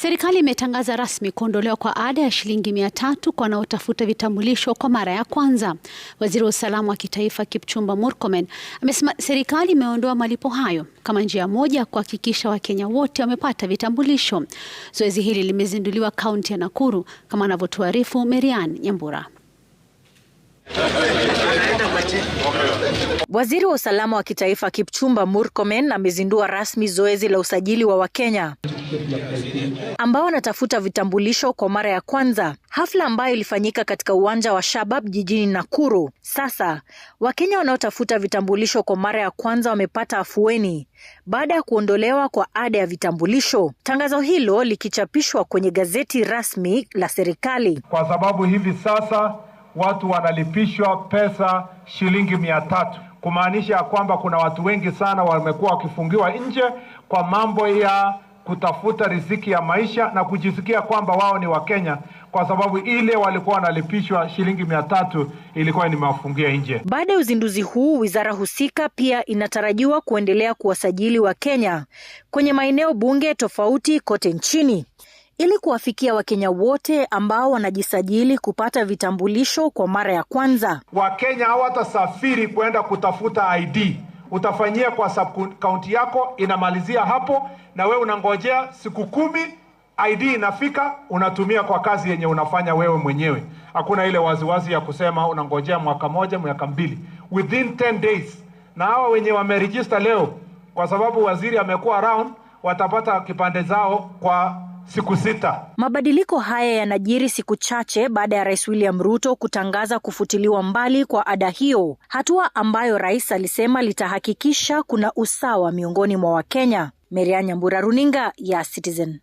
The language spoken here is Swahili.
Serikali imetangaza rasmi kuondolewa kwa ada ya shilingi mia tatu kwa wanaotafuta vitambulisho kwa mara ya kwanza. Waziri wa usalama wa kitaifa Kipchumba Murkomen amesema serikali imeondoa malipo hayo kama njia moja ya kuhakikisha Wakenya wote wamepata vitambulisho. Zoezi hili limezinduliwa kaunti ya Nakuru, kama anavyotuarifu Merian Nyambura. Waziri wa usalama wa kitaifa Kipchumba Murkomen amezindua rasmi zoezi la usajili wa Wakenya ambao wanatafuta vitambulisho kwa mara ya kwanza, hafla ambayo ilifanyika katika uwanja wa Shabab jijini Nakuru. Sasa Wakenya wanaotafuta vitambulisho kwa mara ya kwanza wamepata afueni baada ya kuondolewa kwa ada ya vitambulisho, tangazo hilo likichapishwa kwenye gazeti rasmi la serikali, kwa sababu hivi sasa watu wanalipishwa pesa shilingi mia tatu kumaanisha ya kwamba kuna watu wengi sana wamekuwa wakifungiwa nje kwa mambo ya kutafuta riziki ya maisha na kujisikia kwamba wao ni Wakenya kwa sababu ile walikuwa wanalipishwa shilingi mia tatu ilikuwa nimewafungia nje. Baada ya uzinduzi huu, wizara husika pia inatarajiwa kuendelea kuwasajili Wakenya kwenye maeneo bunge tofauti kote nchini ili kuwafikia Wakenya wote ambao wanajisajili kupata vitambulisho kwa mara ya kwanza. Wakenya hawatasafiri kwenda kutafuta ID utafanyia kwa sub kaunti yako, inamalizia hapo, na wewe unangojea siku kumi ID inafika, unatumia kwa kazi yenye unafanya wewe mwenyewe. Hakuna ile waziwazi ya kusema unangojea mwaka moja, mwaka mbili, within 10 days. Na hawa wenye wameregister leo, kwa sababu waziri amekuwa around, watapata kipande zao kwa siku sita. Mabadiliko haya yanajiri siku chache baada ya Rais William Ruto kutangaza kufutiliwa mbali kwa ada hiyo, hatua ambayo rais alisema litahakikisha kuna usawa miongoni mwa Wakenya. Meria Nyambura, runinga ya Citizen.